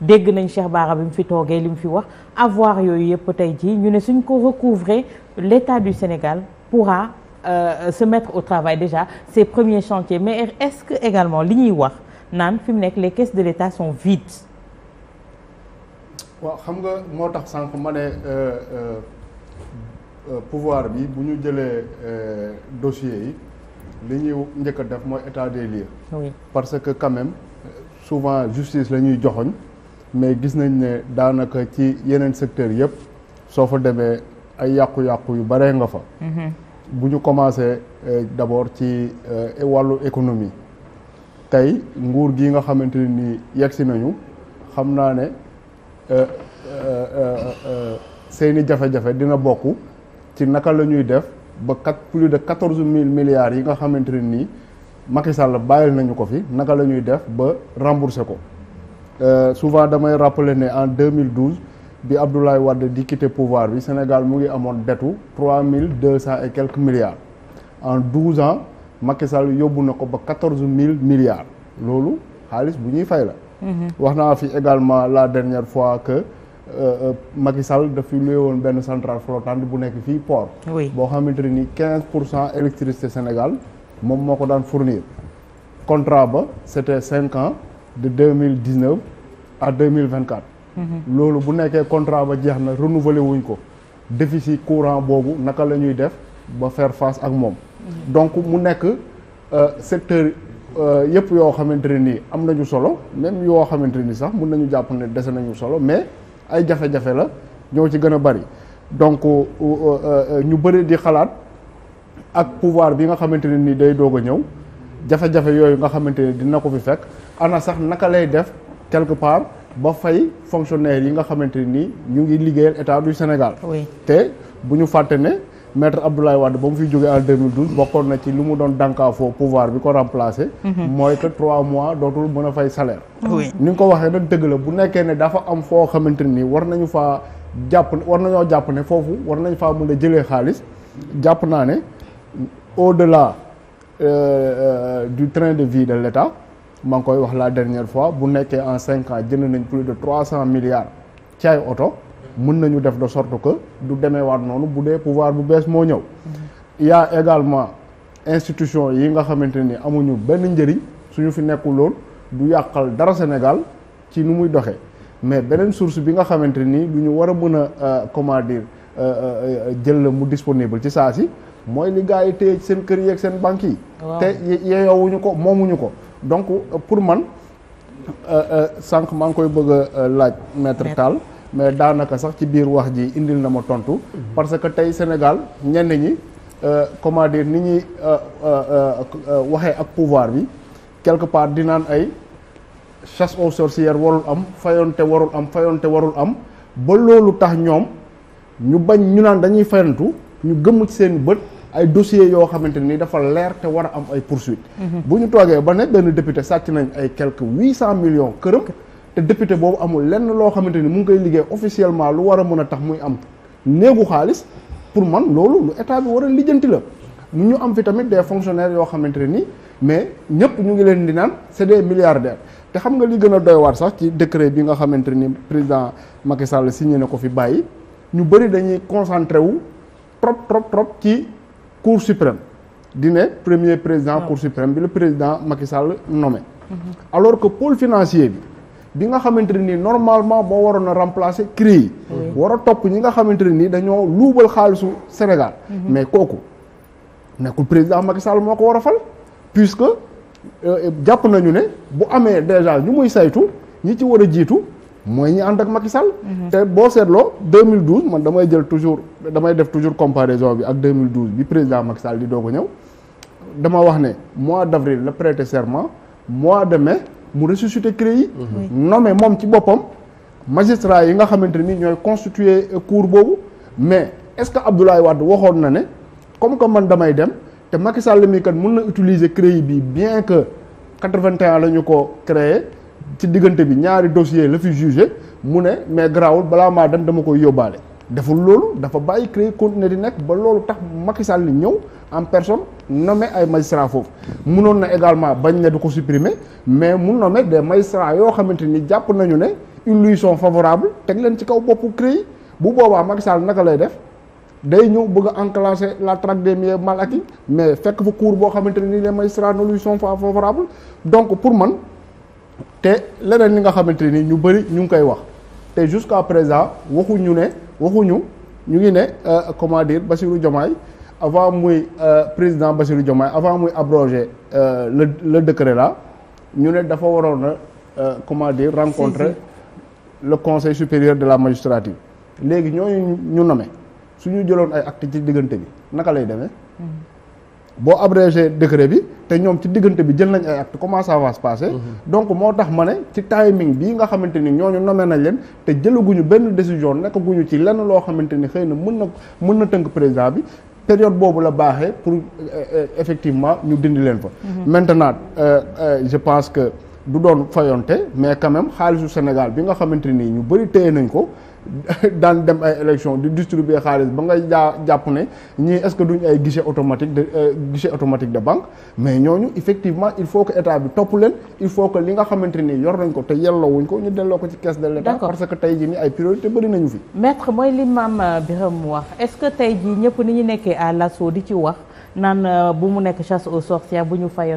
dégg nañ Cheikh Bara bi mu fi toogee li mu fi wax avoir yooyu yëpp tey jii ñu ne suñ ko recouvrer l'État du Sénégal pourra euh, se mettre au travail déjà ses premiers chantiers mais est-ce que également li ñuy wax naan fi mu nekk les caisses de l'État sont vides waaw xam nga moo tax sànq ma ne euh, euh, euh, pouvoir bi bu ñu jëlee dossier yi li ñuy njëkk a def mooy état des lieux parce que quand souvent justice la ñuy joxoñ mais gis nañ ne daanaka ci yeneen secteur yëpp soo fa demee ay yàqu-yàqu yu baree nga fa mhm. bu ñu commencé euh, d'abord ci euh, wàllu économie tey nguur gi nga xamante ne nii yegsi nañu xam naa ne euh, seeni jafe-jafe dina bokk ci naka la ñuy def ba kat plus de quatorze mille milliards yi nga xamante ne nii Macky Sall bàyyil nañu ko fi naka la ñuy def ba remboursé ko euh, souvent damay rappeler ne en 2012 bi Abdoulaye Wade di quitter pouvoir bi Sénégal mu ngi amoon dettu trois mille deux cent et quelques milliards en douze ans Macky Sall yóbbu na ko ba quatorze mille milliards loolu xaalis bu ñuy fay la. Mhm. wax naa fi également la dernière fois que euh, euh, Macky Sall daf fi luye woon benn centrale flottante bu nekk fii port. boo xamante ne ni quinze pour cent électricité Sénégal. moom moo ko daan fournir contrat ba c'était cinq ans de deux mille dix neuf à deux mille vingt quatre mhm. loolu bu nekkee contrat ba jeex na renouveler wuñ ko déficit courant boobu naka la ñuy def ba fair face ak moom mhm. donc mu nekk euh, secteur euh, yëpp yoo xamante ne nii am nañu solo même yoo xamante ni sax mun nañu jàpp ne dese nañu solo mais ay jafe-jafe la ñoo ci gën a bari donc euh, ñu bëri di xalaat ak pouvoir bi nga xamante ne ni day doog a ñëw jafe-jafe yooyu nga xamante ne dina ko fi fekk ana sax naka lay def quelque part ba fay fonctionnaire yi nga xamante ne ni ñu ngi liggéeyal état du Sénégal. oui te bu ñu fàtte ne maître Abdoulaye Wade ba mu fi jógee en 2012 bokkoon na ci li mu doon dànkaafoo pouvoir bi ko remplacer. Mhm. mooy que 3 mois dootul mën a fay salaire. Mhm. ni nga ko waxee nag dëgg la bu nekkee ne dafa am foo xamante ne ni war nañu faa jàpp war nañoo jàpp ne foofu war nañ faa mën a jëlee xaalis jàpp ne. au-delà euh, euh, du train de vie de l'État maa ngi koy wax la dernière fois bu nekkee en cinq ans jënd nañ plus de trois cent milliards ci oto mën nañu def de sorte que du demeewaat noonu bu dee pouvoir bu bees moo ñëw yaa également institution yi nga xamante ni amuñu benn njëriñ suñu fi nekkul lool du yàqal dara Sénégal ci nu muy doxee mais beneen source bi nga xamante ni du ñu war a mën a euh, comment dire euh, jël mu disponible ci saa si mooy li gars yi téye seen kër yeeg seen banque yi. te yeyoowuñu ko moomuñu ko donc euh, pour man euh, euh, sànq maa koy bëgg a laaj maître Tall. mais daanaka sax ci biir wax ji indil na ma tontu. Mhm. parce que tey Sénégal ñenn ñi comment dire ni ñuy waxee ak pouvoir bi quelque part di naan ay chasse aux sorcières warul am fayonte warul am fayonte warul am ba loolu tax ñoom ñu bañ ñu naan dañuy fayantu ñu gëmm ci seen bët. ay dossiers yoo xamante nii defal leer te war a am ay poursuite mhm. bu ñu toogee ba ne benn député sàcc nañ ay quelque huit cent millions këram te député boobu amul lenn loo xamante ni mu ngi koy liggéey officiellement lu war a mën a tax muy am néegu xaalis pour man loolu lu état bi war a lijjanti la ñu am fi tamit des fonctionnaires yoo xamante ne ni mais ñëpp ñu ngi leen di naan c'est des milliardaires te xam nga li gën a doy waat sax ci décret bi nga xamante ni président Macky Sall signé na ko fi bàyyi ñu bëri dañuy concentré wu trop trop trop ci cour suprême di ne premier président ah. cour suprême bi le président Macky Sall nommé alors que pôle financier bi bi nga xamante ne nii normalement moo waroon a remplacer CREI yi war a topp ñi nga xamante ne nii dañoo luubal xaalisu Sénégal mhm. mais kooku nekkul président Macky Sall moo ko war a fal puisque euh, jàpp nañu ne bu amee déjà ñu muy saytu ñi ci war a jiitu mooy ñi ànd ak Macky Sall. Mhm. te boo seetloo 2012 man damay jël toujours damay def toujours comparaison bi ak 2012 bi président Macky Sall di doog a ñëw dama wax ne mois d' avril la prêter serment mois de mai mu ressuscité CREI. Mhm. nommé moom ci boppam magistrat yi nga xamante ni ñooy constituer cour boobu mais est ce que Abdoulaye Wade waxoon na ne comme que man damay dem te Macky Sall mi kat mun na utiliser CREI bi bien que 81 la ñu ko créé. ci diggante bi ñaari dossier la fi jugé mu ne mais garaawul balaa maa dem dama koy yóbbaale deful loolu dafa bàyyi créer continuer di nekk ba loolu tax Macky Sall ni ñëw en personne nommé ay magistrats foofu munoon na également bañ ne du ko supprimer mais mu nommé des magistrats yoo xamante ni jàpp nañu ne ils lui sont teg leen ci kaw boppu CREI bu boobaa Macky naka lay def day ñëw bëgg a la traque des biens mal acquis mais fekk fa cour boo xamante ni les magistrats ne lui sont favorables donc pour man. te leneen li nga xamante nii ñu bëri ñu ngi koy wax te jusqu'à présent waxuñu ne waxuñu ñu ngi ne euh, comment dire Bassirou Diomaye avant muy euh, président Bassirou Diomaye avant muy abroger euh, le le décret là ñu ne dafa waroon a comment dire rencontrer le conseil supérieur de la magistrature léegi ñooñu ñu nommé suñu jëloon ay actes ci diggante bi naka lay demee mm-hmm. boo abrégé décret bi te ñoom ci diggante bi jël nañ ay acte comment ça va mm-hmm. donc moo tax ma ne ci timing bii nga xamante ni ñooñu nommé nañ leen te jëlaguñu benn décision nekkaguñu ci lenn loo xamante ni xëy na mën na mën na tënk président bi période boobu la baaxee pour euh, euh, effectivement ñu dindi leen fa mm-hmm. maintenant euh, euh, je pense que du doon fayonte mais quand même xaalisu Sénégal bi nga xamante nii ñu bëri téye nañ ko daan dem ay élection di distribuer xaalis ba nga jàpp ne ñii est-ce que duñ ay guichet automatique de euh, guichet automatique de banque mais ñooñu effectivement il faut que état bi topp leen il faut que li nga xamante ni yor nañ ko te yelloowuñ ko ñu delloo ko ci caisse de l'État parce que tey jii nii ay priorité bëri nañu fi maître mooy li maam Birame wax est-ce que tey jii ñëpp ni ñu nekkee à l'assaut di ci wax naan euh, bu mu nekk chasse aux sorcières bu ñu fayoon